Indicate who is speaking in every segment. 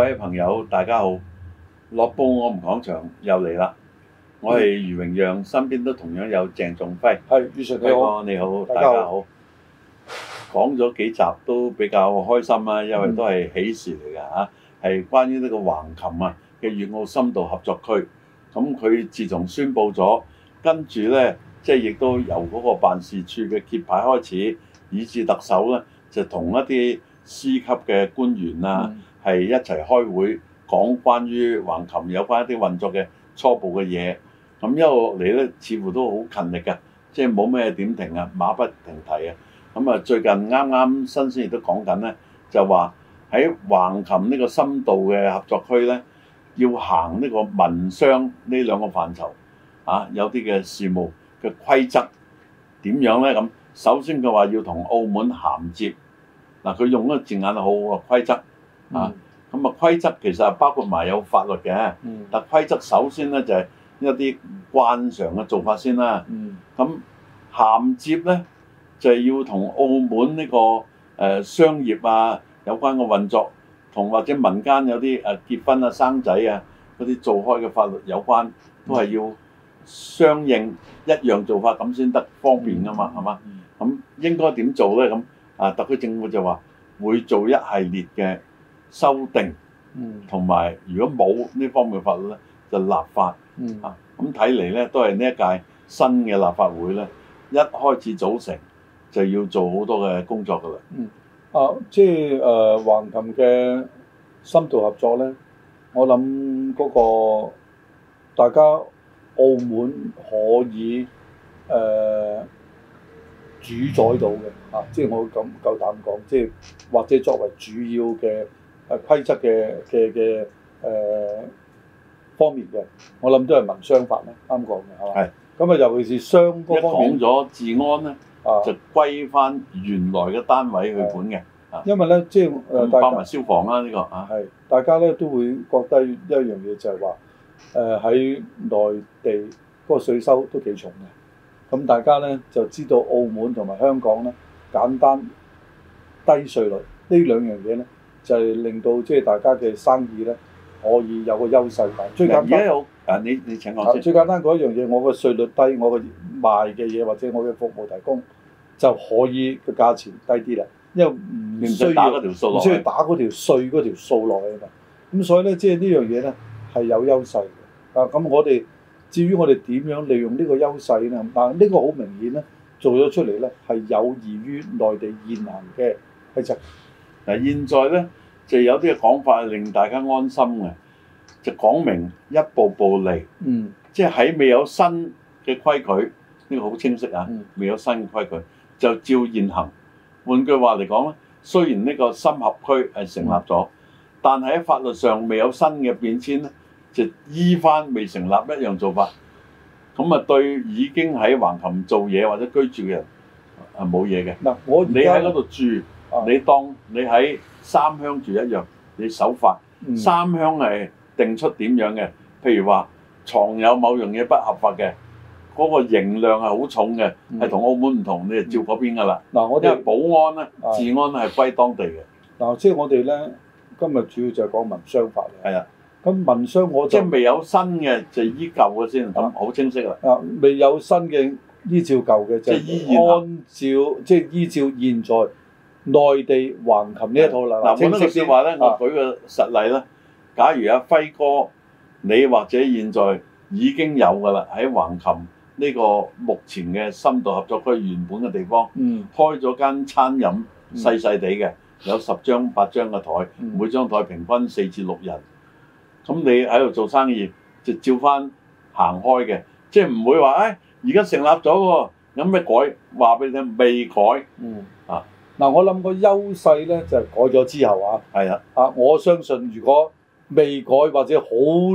Speaker 1: 各位朋友，大家好！樂報我唔講場，又嚟啦！我係余榮陽，身邊都同樣有鄭仲輝。係的，余常記你好，你好，大家好。講咗幾集都比較開心啦，因為都係喜事嚟㗎嚇，係、嗯、關於呢個橫琴啊嘅粵澳深度合作區。咁佢自從宣布咗，跟住呢，即係亦都由嗰個辦事處嘅揭牌開始，以至特首呢，就同一啲司級嘅官員啊。嗯係一齊開會講關於橫琴有關一啲運作嘅初步嘅嘢，咁一路嚟咧似乎都好勤力㗎，即係冇咩點停啊，馬不停蹄啊。咁啊，最近啱啱新鮮亦都講緊咧，就話喺橫琴呢個深度嘅合作區咧，要行呢個民商呢兩個範疇啊，有啲嘅事務嘅規則點樣咧咁。首先佢話要同澳門銜接嗱，佢、啊、用一個字眼好嘅規則。啊，咁啊規則其實包括埋有法律嘅，但規則首先咧就係一啲慣常嘅做法先啦。咁銜接咧就係要同澳門呢、呢個誒、呃、商業啊有關嘅運作，同或者民間有啲誒、啊、結婚啊、生仔啊嗰啲做開嘅法律有關，都係要相應一樣做法咁先得方便啊嘛，係嘛、嗯？咁應該點做咧？咁啊，啊，特區政府就話會做一系列嘅。修訂，嗯，同埋如果冇呢方面嘅法律咧，就立法，嗯啊，咁睇嚟咧都係呢一屆新嘅立法會咧，一開始組成就要做好多嘅工作㗎啦。嗯啊，即係誒、
Speaker 2: 呃、橫琴嘅深度合作咧，我諗嗰個大家澳門可以誒、呃、主宰到嘅啊，即係我咁夠膽講，即係或者作為主要嘅。誒規則嘅嘅嘅誒方面嘅，我諗都係民商法咧，啱講嘅係嘛？係。咁啊是，尤其是商嗰方面咗
Speaker 1: 治安咧，啊、就歸翻原來嘅單位去管嘅。因為咧，
Speaker 2: 即係咁包埋消防啦，呢個、嗯、家啊。係、這個啊。大家咧都會覺得一樣嘢就係話誒喺內地嗰個稅收都幾重嘅，咁、嗯、大家咧就知道澳門同埋香港咧簡單低稅率兩呢兩樣嘢咧。就係令到即係大家嘅生意咧，可以有個優勢。最簡單，啊，你你
Speaker 1: 請我先。最
Speaker 2: 簡單一樣嘢，我個稅率低，我個賣嘅嘢或者我嘅服務提供就可以個價錢低啲啦。
Speaker 1: 因為唔需，需要打嗰條數落去，唔需要打
Speaker 2: 嗰條稅嗰條數落去嘛。咁所以咧，即係呢樣嘢咧係有優勢嘅。啊，咁我哋至於我哋點樣利用呢個優勢咧？嗱，呢個好明顯
Speaker 1: 咧，做咗出嚟咧係有異於內地現行嘅規則。嗱，現在咧。就有啲講法令大家安心嘅，就講明一步步嚟，嗯，即係喺未有新嘅規矩，呢個好清晰啊，嗯、未有新嘅規矩就照現行。換句話嚟講咧，雖然呢個深合區係成立咗，嗯、但係喺法律上未有新嘅變遷咧，就依返未成立一樣做法。咁啊，對已經喺橫琴做嘢或者居住嘅人係冇嘢嘅。嗱，我你喺嗰度住。你當你喺三鄉住一樣，你守法。三鄉係定出點樣嘅？譬如話藏有某樣嘢不合法嘅，嗰個刑量係好重嘅，係同澳門唔同，你就照嗰邊噶啦。嗱，我因為保安咧、治安咧係歸當地嘅。
Speaker 2: 嗱，即係我哋咧今日主要就係講民商法。係啊。咁民商我即係未有新嘅就依舊嘅先。咁好清晰啦。啊，未有新嘅依照舊嘅，即係按照即係依照現在，內地橫琴呢一
Speaker 1: 套啦，嗱的，我呢度先話咧，的我舉個實例啦。假如阿、啊、輝哥，你或者現在已經有㗎啦，喺橫琴呢個目前嘅深度合作區原本嘅地方，嗯、開咗間餐飲，細細地嘅，有十張八張嘅台，嗯、每張台平均四至六人。咁你喺度做生意，就照翻行開嘅，即係唔會話誒，而、哎、家成立咗喎，有咩改？話俾你聽，未改，嗯、啊。嗱，我諗個優勢咧就係改
Speaker 2: 咗之後啊，係啊，啊我相信如果未改或者好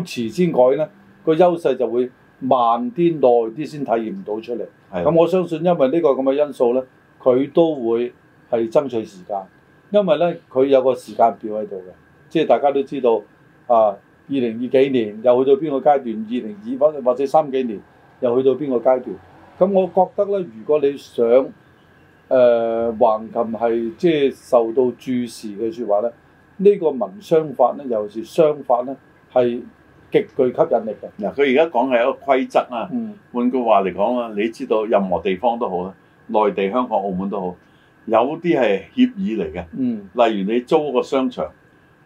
Speaker 2: 遲先改咧，個優勢就會慢啲、耐啲先體驗到出嚟。係，咁我相信因為呢個咁嘅因素咧，佢都會係爭取時間，因為咧佢有個時間表喺度嘅，即係大家都知道啊，二零二幾年又去到邊個階段，二零二或者三幾年又去到邊個階段。咁我覺得咧，如果你想誒、呃、橫琴係即係受到注視嘅説話咧，呢、這個民商法咧又是商法咧，係極具吸
Speaker 1: 引力嘅。嗱，佢而家講係一個規則啊。嗯，換句話嚟講啊，你知道任何地方都好啦，內地、香港、澳門都好，有啲係協議嚟嘅。嗯，例如你租個商場，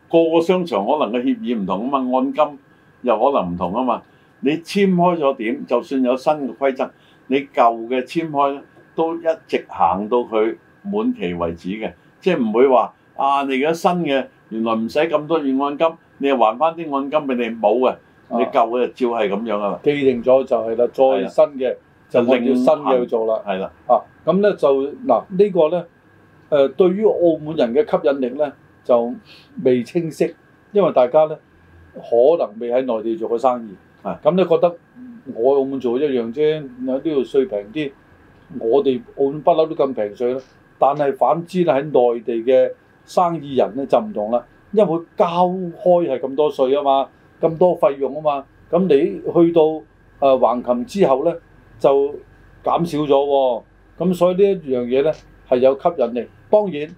Speaker 1: 個個商場可能嘅協議唔同啊嘛，按金又可能唔同啊嘛。你簽開咗點，就算有新嘅規則，你舊嘅簽開咧。都一直行到佢滿期為止嘅，即係唔會話啊，你而家新嘅原來唔使咁多月按金，你又還翻啲按金，畀、啊、你冇嘅，你舊嘅就照係咁樣啊。記定咗就係啦，再新嘅就另新嘅去做啦，
Speaker 2: 係啦、啊啊。啊，咁咧就嗱呢個咧誒，對於澳門人嘅吸引力咧就未清晰，因為大家咧可能未喺內地做過生意，咁你的覺得我澳門做一樣啫，有呢度稅平啲。我哋澳門不嬲都咁平稅啦，但係反之啦，喺內地嘅生意人咧就唔同啦，因為佢交開係咁多稅啊嘛，咁多費用啊嘛，咁你去到誒、呃、橫琴之後咧就減少咗喎、哦，咁所以呢一樣嘢咧係有吸引力。當然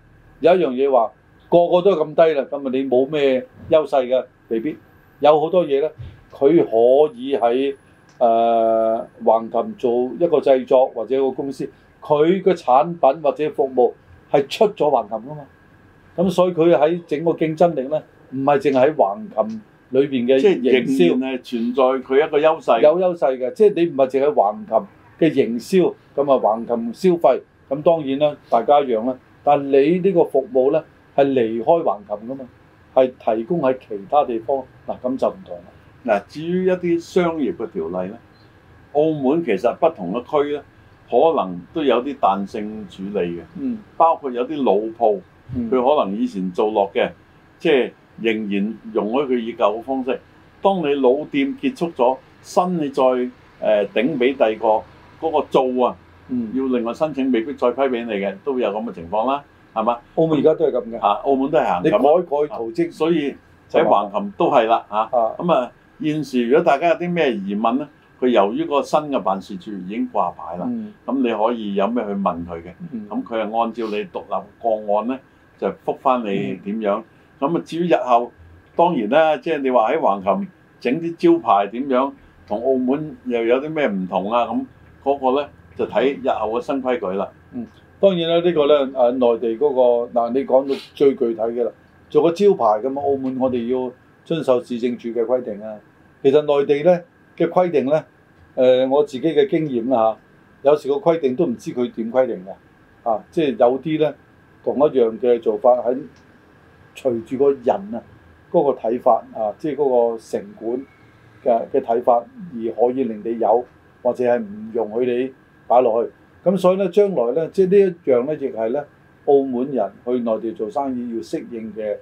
Speaker 2: 有一樣嘢話個個都咁低啦，咁啊你冇咩優勢嘅未必,必。有好多嘢咧，佢可以喺。誒橫琴做一個製作或者一個公司，佢嘅產品或者服務係出咗橫琴噶嘛，咁所以佢喺整個競爭力咧，唔係淨係喺橫琴裏邊嘅營銷係
Speaker 1: 存在佢一個優勢，有
Speaker 2: 優勢嘅，即係你唔係淨係橫琴嘅營銷，咁啊橫琴消費，咁當然啦，大家一樣啦，但係你呢個服務咧係離
Speaker 1: 開橫琴噶嘛，係提供喺其他地方嗱，咁就唔同啦。嗱，至於一啲商業嘅條例咧，澳門其實不同嘅區咧，可能都有啲彈性處理嘅。嗯，包括有啲老鋪，佢可能以前做落嘅，即係仍然容許佢以舊嘅方式。當你老店結束咗，新你再誒頂俾第二個嗰個做啊，嗯，要另外申請，未必再批俾你嘅，都會有咁嘅情況啦，係嘛？澳門而家都係咁嘅。啊，澳門都係行咁。你改改，所以喺橫琴都係啦，嚇。咁啊。現時如果大家有啲咩疑問咧，佢由於個新嘅辦事處已經掛牌啦，咁、嗯、你可以有咩去問佢嘅，咁佢係按照你獨立個案咧就覆返你點樣。咁啊、嗯、至於日後當然啦，即係你話喺橫琴整啲招牌點樣，同澳門又有啲咩唔同啊？咁嗰個咧就睇日後嘅新規矩啦。嗯，當然啦，呢個咧誒內地嗰個嗱，你講到最具體
Speaker 2: 嘅啦，做個招牌咁啊，澳門我哋要遵守市政處嘅規定啊。其實內地咧嘅規定咧，誒、呃、我自己嘅經驗啦嚇、啊，有時個規定都唔知佢點規定嘅，啊，即係有啲咧同一樣嘅做法喺隨住個人啊嗰個睇法啊，即係嗰個城管嘅嘅睇法而可以令你有或者係唔容許你擺落去。咁所以咧，將來咧，即係呢一樣咧，亦係咧澳門人去內地做生意要適應嘅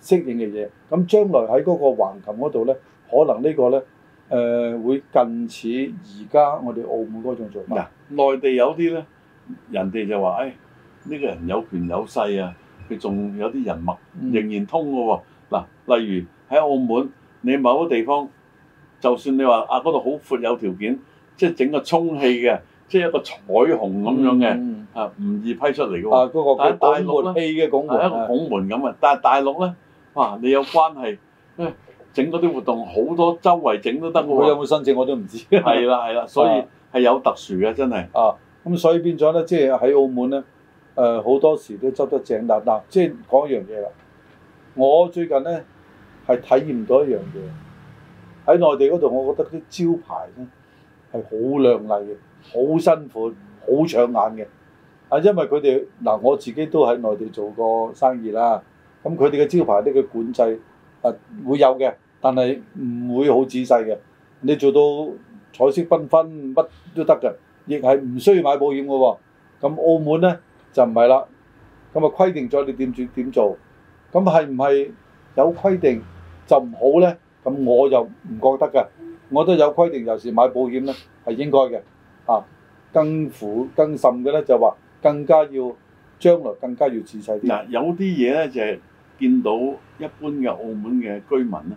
Speaker 2: 適應嘅嘢。咁將來喺嗰個橫琴嗰度咧。可能個呢個咧，
Speaker 1: 誒、呃、會近似而家我哋澳門嗰種做法。嗱、啊，內地有啲咧，人哋就話，誒、哎、呢、這個人有權有勢啊，佢仲有啲人脈，仍然通嘅喎、啊。嗱、啊，例如喺澳門，你某個地方，就算你話啊，嗰度好闊，有條件，即係整個充氣嘅，即係一個彩虹咁樣嘅，啊唔、嗯啊、易批出嚟嘅喎。喺、啊那個、大陸氣嘅拱門，啊、一個拱門咁啊，但係大陸咧，哇，你有關係。哎整嗰啲活動好多，周圍整都得喎。佢有冇申請我都唔知。係啦係啦，所以係有特殊嘅真係、啊嗯呃。啊，咁所以
Speaker 2: 變咗咧，即係喺澳門咧，誒好多時都執得正。嗱嗱，即係講一樣嘢啦。我最近咧係體驗到一樣嘢，喺內地嗰度，我覺得啲招牌咧係好靚麗嘅，好辛苦，好搶眼嘅。啊，因為佢哋嗱，我自己都喺內地做過生意啦。咁佢哋嘅招牌呢，嘅管制啊，會有嘅。但係唔會好仔細嘅，你做到彩色繽紛乜都得嘅，亦係唔需要買保險嘅喎、哦。咁澳門呢就唔係啦，咁啊規定咗你點點做，咁係唔係有規定就唔好呢？咁我又唔覺得嘅。我都有規定，有時買保險呢係應該嘅。嚇、啊，更苦更
Speaker 1: 甚嘅呢就話更加要將來更加要仔細啲。嗱、啊，有啲嘢呢就係、是、見到一般嘅澳門嘅居民呢。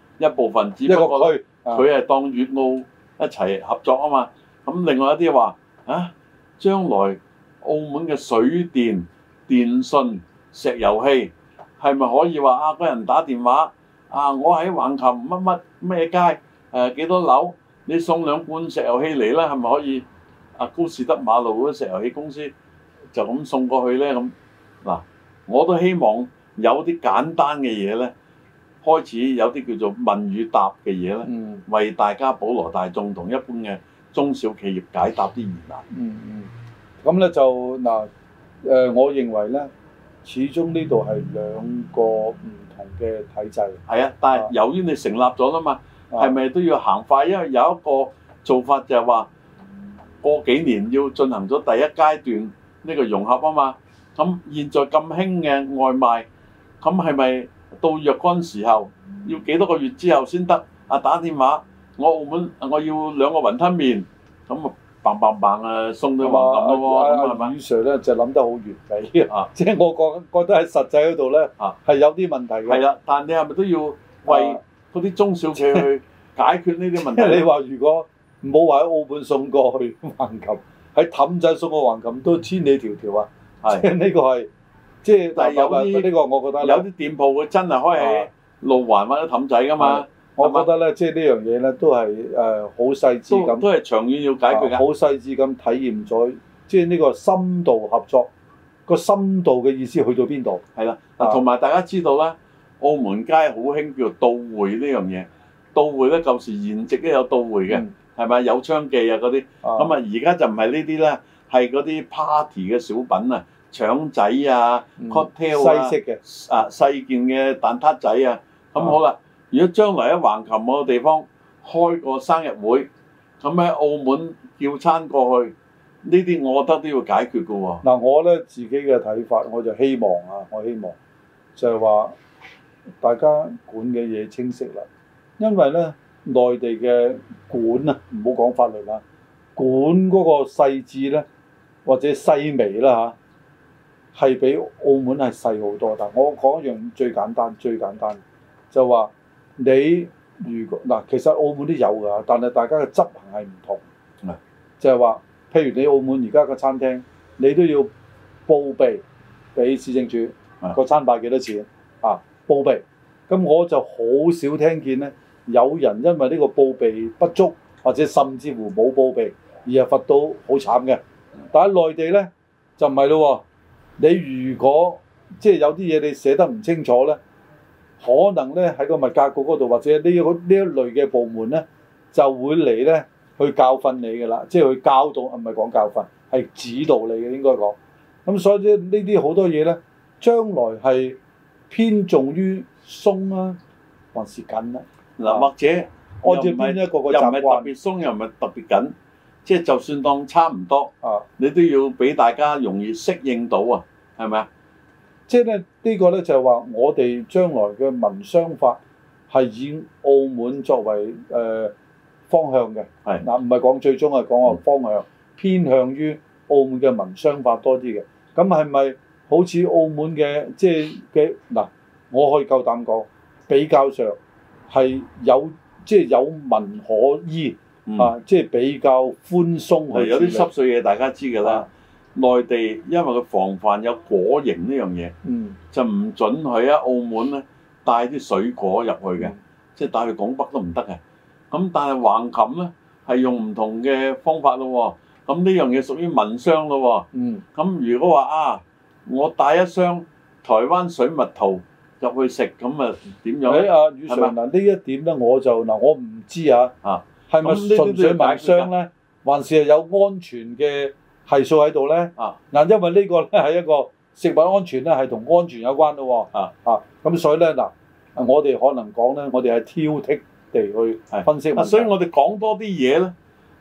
Speaker 1: 一部分，只不過一個區，佢係當粵澳一齊合作啊嘛。咁另外一啲話啊，將來澳門嘅水電、電信、石油氣係咪可以話啊，個人打電話啊，我喺橫琴乜乜咩街誒幾多樓，你送兩罐石油氣嚟咧，係咪可以？啊高士德馬路嘅石油氣公司就咁送過去咧，咁嗱，我都希望有啲簡單嘅嘢咧。開始有啲叫做問與答嘅嘢咧，嗯、為大家普羅大眾同一般嘅中小企業解答啲疑難。嗯嗯。
Speaker 2: 咁咧就嗱，誒、呃，我認為咧，始終呢度係兩個唔同嘅體制。係、
Speaker 1: 嗯、啊，但係由於你成立咗啦嘛，係咪、啊、都要行快？因為有一個做法就係話，過幾年要進行咗第一階段呢個融合啊嘛。咁現在咁興嘅外賣，咁係咪？到若干時候，要幾多個月之後先得？阿打電話，我澳門我要兩個雲吞麵，咁啊棒棒棒啊，送到橫琴咯喎！
Speaker 2: 阿余 sir 咧就諗得好完美。
Speaker 1: 啊，即係我覺覺得喺實際嗰度咧，係有
Speaker 2: 啲問題嘅。係啦，但你係咪都要為嗰啲中小企去解決呢啲問題？你話如果唔好話喺澳門送過去橫琴，喺氹仔送個橫琴都千里迢迢啊！即係呢個係。即係，但係有啲呢個，我覺得有啲店鋪佢真係開喺路環或者氹仔噶嘛。我覺得咧，即係呢樣嘢咧，都係誒好細緻咁。都都係長遠要解決嘅。好細緻咁體驗咗，即係呢個
Speaker 1: 深度合作。個深度嘅意思去到邊度？係啦，嗱，同埋大家知道啦，澳門街好興叫到會呢樣嘢。到會咧，舊時筵席都有到會嘅，係咪有槍記啊嗰啲？咁啊，而家就唔係呢啲啦，係嗰啲 party 嘅小品啊。腸仔啊，cocktail、嗯、啊，西式啊細件嘅蛋撻仔啊，咁、嗯、好啦。如果將來喺橫琴個地方開個生日會，咁喺澳門叫餐過去，呢啲我覺得都要
Speaker 2: 解決噶喎、哦。嗱、嗯，我咧自己嘅睇法，我就希望啊，我希望就係話大家管嘅嘢清晰啦，因為咧內地嘅管啊，唔好講法律啦，管嗰個細緻咧或者細微啦嚇。啊係比澳門係細好多，但我講一樣最簡單、最簡單，就話、是、你如果嗱，其實澳門都有㗎，但係大家嘅執行係唔同，嗯、就係話，譬如你澳門而家個餐廳，你都要報備俾市政處個、嗯、餐牌幾多錢啊，報備，咁我就好少聽見咧，有人因為呢個報備不足，或者甚至乎冇報備而係罰到好慘嘅，但係內地咧就唔係咯喎。你如果即係有啲嘢你寫得唔清楚咧，可能咧喺個物價局嗰度，或者呢個呢一類嘅部門咧，就會嚟咧去教訓你嘅啦，即係去教導，唔係講教訓，係指導你嘅應該講。咁所以呢呢啲好多嘢咧，將來係偏重於鬆啊，還是緊咧？
Speaker 1: 嗱，或者按照邊一個個習慣，又唔係特別鬆，又唔係特別緊，即係就算當差唔多啊，你都要俾大家容易適應到啊。係咪啊？即係咧呢個咧就係話我哋
Speaker 2: 將來嘅民商法係以澳門作為誒方向嘅。係嗱，唔係講最終啊，係講個方向偏向於澳門嘅民商法多啲嘅。咁係咪好似澳門嘅即係嘅嗱？我可以夠膽講，比較上係有即係有民可
Speaker 1: 依啊，即係比較
Speaker 2: 寬鬆。係有啲濕碎
Speaker 1: 嘢，大家知㗎啦。內地因為佢防範有果蠅呢樣嘢，嗯、就唔准去喺澳門咧帶啲水果入去嘅，嗯、即係帶去拱北都唔得嘅。咁但係橫琴咧係用唔同嘅方法咯喎，咁呢樣嘢屬於民商咯喎。咁、嗯、如果話啊，我帶一箱台灣水蜜桃入去食，咁啊、哎、吧點樣？誒啊，余 Sir 嗱
Speaker 2: 呢一點咧，我就嗱我唔知啊，係咪純粹民商咧，還是係有安全嘅？係數喺度咧啊嗱，因為呢個咧係一個食品安全咧，係同安全有關嘅喎啊啊，咁、啊、
Speaker 1: 所以咧嗱，我哋可能講咧，我哋係挑剔地去分析啊，所以我哋講多啲嘢咧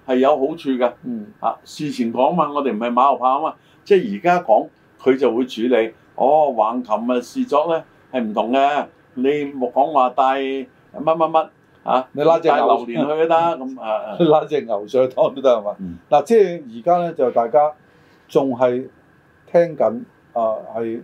Speaker 1: 係有好處嘅嗯啊事前講嘛，我哋唔係馬後炮啊嘛，即係而家講佢就會處理哦橫琴啊事作咧係唔同嘅，你冇講話帶乜乜乜。什麼什麼什麼嚇！啊、你拉隻牛、啊、榴蓮去都得咁，拉、啊、隻、啊、牛上湯都得係嘛？嗱、
Speaker 2: 嗯啊，即係而家咧，就大家仲係聽緊啊，係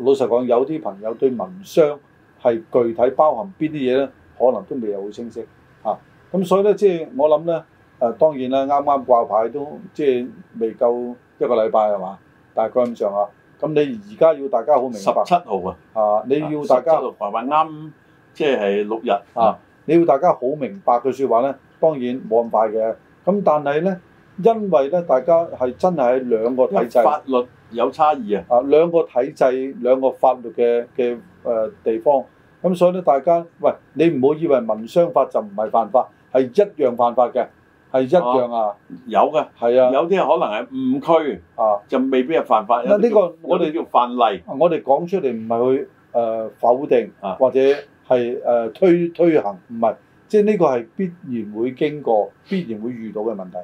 Speaker 2: 老實講，有啲朋友對民商係具體包含邊啲嘢咧，可能都未有好清晰嚇。咁、啊、所以咧，即係我諗咧，誒、啊、當然啦，啱啱掛牌都即係未夠一個禮拜係嘛？大概咁上下。咁、啊、你而家要大家好明白。十七號啊！啊，你要大家
Speaker 1: 掛牌啱，即係六日啊。
Speaker 2: 你要大家好明白嘅說話咧，當然冇咁快嘅。咁但係咧，因為咧，大家係真係喺兩個體制，法律有差異啊。啊，兩個體制，兩個法律嘅嘅誒地方，咁、啊、所以咧，大家喂，你唔好以為民商法就唔係犯法，係一樣犯法嘅，係一樣啊，
Speaker 1: 有嘅，係啊，有啲、啊、可能係誤區啊，就未必係犯法。呢、啊這個我哋叫犯例。
Speaker 2: 我哋講出嚟唔係去誒否定或者。係誒、呃、推推行唔係，即係呢個係必然會經過、必然會遇到嘅問題。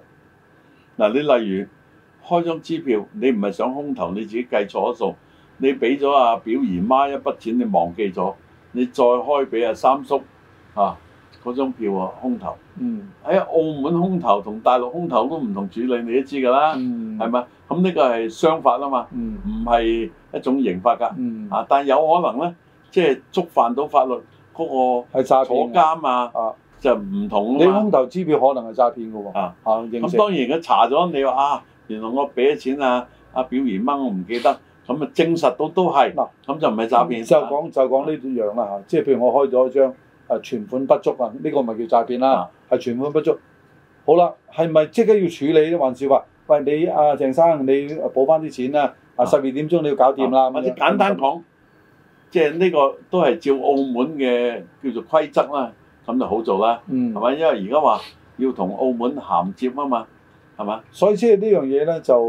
Speaker 1: 嗱、啊，你例如開張支票，你唔係想空頭，你自己計錯咗數，你俾咗阿表姨媽一筆錢，你忘記咗，你再開俾阿、啊、三叔嚇嗰、啊、張票啊，空頭。嗯，喺澳門空頭同大陸空頭都唔同處理，你都知㗎啦，係咪、嗯？咁呢、嗯嗯、個係商法啊嘛，唔係一種刑法㗎、啊。啊，但有可能咧。即係觸犯到法律嗰個坐監啊，就唔同。你空頭支票可能係詐騙噶喎。啊，咁當然佢查咗，你話啊，原來我俾咗錢啊，阿表姨掹我唔記得，咁啊證實到都係，咁就唔係詐騙。就講就講呢
Speaker 2: 樣啦嚇，即係譬如我開咗一張啊存款不足啊，呢個咪叫詐騙啦，係存款不足。好啦，係咪即刻要處理咧，還是話喂，你啊鄭生，你補
Speaker 1: 翻啲錢啊？啊，十二點鐘你要搞掂啦，或者簡單講。即係呢個都係照澳門嘅叫做規則啦，咁就好做啦，係咪、嗯？因為而家話要同澳門銜接啊嘛，係嘛？
Speaker 2: 所以即係呢樣嘢咧就誒，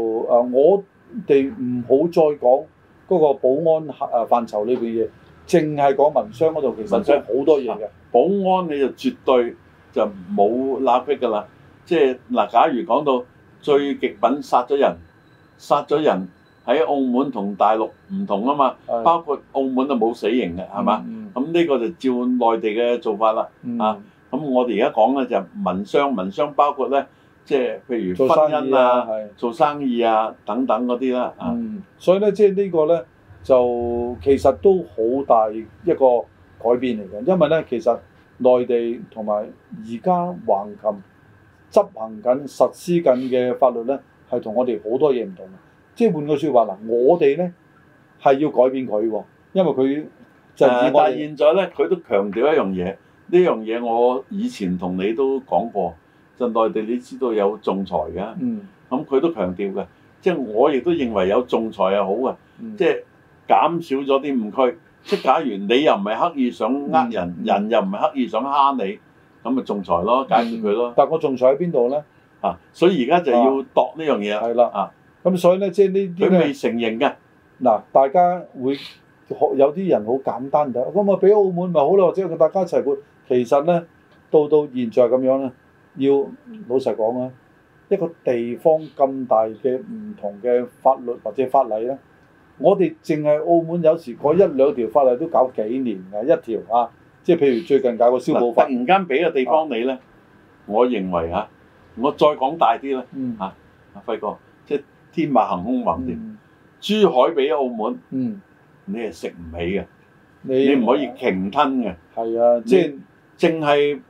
Speaker 2: 我哋唔好再講嗰個保安誒範疇裏邊嘢，淨係
Speaker 1: 講民商嗰度，其實民商好多嘢嘅。保安你就絕對就冇立逼噶啦，即係嗱，假如講到最極品殺咗人，殺咗人。喺澳門同大陸唔同啊嘛，的包括澳門啊冇死刑嘅，係嘛？咁呢個就照內地嘅做法啦。嗯、啊，咁我哋而家講嘅就民商，民商包括咧，即係譬如婚姻啊、做生意啊，生意啊等等嗰啲啦。嗯、啊，
Speaker 2: 所以咧，即係呢個咧就其實都好大一個改變嚟嘅，因為咧其實內地同埋而家橫琴執，執行緊、實施緊嘅法律咧，係同我哋好多嘢唔同。即係換句説話嗱，我哋咧係要改變佢喎，因為佢就
Speaker 1: 但係現在咧，佢都強調一樣嘢。呢樣嘢我以前同你都講過，就內地你知道有仲裁嘅，咁佢都強調嘅。即係我亦都認為有仲裁係好嘅，即係減少咗啲誤區。即係假如你又唔係刻意想呃人，人又唔係刻意想蝦你，咁咪仲裁咯，解決佢咯。但係我仲裁喺邊度咧？啊，所以而家就要度呢樣嘢。係啦，啊。
Speaker 2: 咁所以咧，即係呢啲咧，佢未成形㗎。嗱，大家會學有啲人好簡單㗎，咁啊，俾澳門咪好咯，或者佢大家一齊管。其實咧，到到現在咁樣咧，要老實講啊，一個地方咁大嘅唔同嘅法律或者法例咧，我哋淨係澳門有時改一兩條法例都搞幾年
Speaker 1: 嘅一條啊，即係譬如最近搞個消保法。突然間俾個地方你咧，我認為嚇，我再講大啲啦，嚇，阿輝哥，即係。天馬行空橫掂，嗯、珠海俾澳門，嗯、你係食唔起嘅，你唔可以鯨吞嘅。係啊，你即係淨係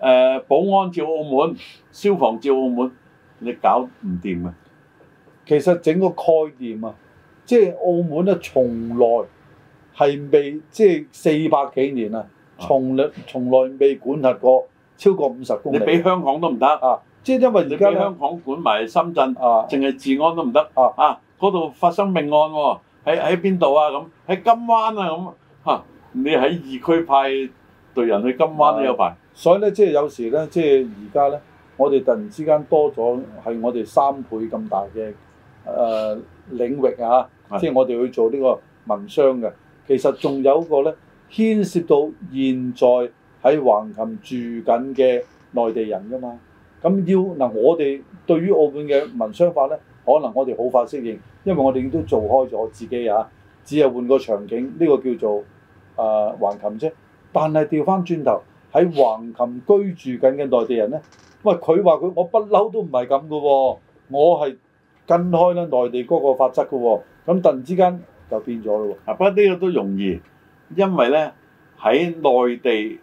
Speaker 1: 誒保安照澳門，消防照澳門，你搞唔掂啊。
Speaker 2: 其實整個概念啊，即係澳門咧，從來係未即係四百幾年啊，從來從來未管轄過超過五十公里。你俾香港都
Speaker 1: 唔得啊！即係因為而家香港管埋深圳，淨係治安都唔得啊！嗰度發生命案喎，喺喺邊度啊？咁喺金灣啊？咁嚇你喺二區派隊人去金灣都有排，
Speaker 2: 所以咧即係有時咧，即係而家咧，我哋突然之間多咗係我哋三倍咁大嘅誒領域啊！即係我哋去做呢個民商嘅，其實仲有一個咧牽涉到現在喺橫琴住緊嘅內地人㗎嘛。咁要嗱，我哋對於澳門嘅民商法咧，可能我哋好快適應，因為我哋都做開咗自己啊，只係換個場景，呢、這個叫做誒、呃、橫琴啫。但係調翻轉頭喺橫琴居住緊嘅內地人咧，喂佢話佢我不嬲都唔係咁嘅喎，我係、啊、跟開咧內地嗰個法則嘅喎、啊，咁突然之間就變咗咯喎。不過呢個都容易，
Speaker 1: 因為咧喺內地誒、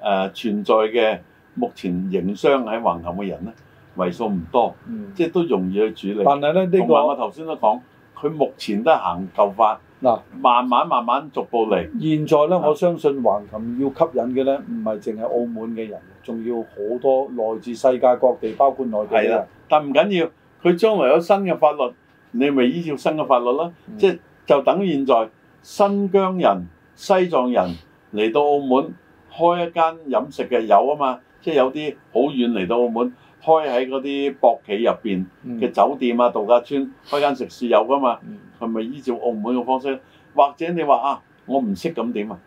Speaker 1: 呃、存在嘅。目前營商喺橫琴嘅人咧，為數唔多，即係都容易去處理。但係咧呢個，同埋我頭先都講，佢目前都係行舊法，嗱，慢慢慢慢逐步嚟。現在咧，我
Speaker 2: 相信橫琴要吸引嘅咧，唔係淨係澳門嘅人，仲要好多來自世
Speaker 1: 界各地，包括內地啦。但唔緊要，佢將來有新嘅法律，你咪依照新嘅法律咯。即係就等現在新疆人、西藏人嚟到澳門開一間飲食嘅有啊嘛。即係有啲好遠嚟到澳門，開喺嗰啲博企入邊嘅酒店啊、嗯、度假村開間食肆有㗎嘛，係咪、嗯、依照澳門嘅方式？或者你話啊，我唔識咁點啊，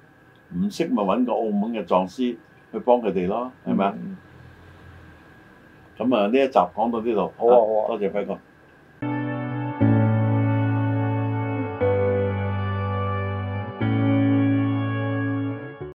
Speaker 1: 唔識咪揾個澳門嘅狀師去幫佢哋咯，係咪啊？咁啊，呢一集講到呢度，好啊，啊，好啊，多謝輝哥。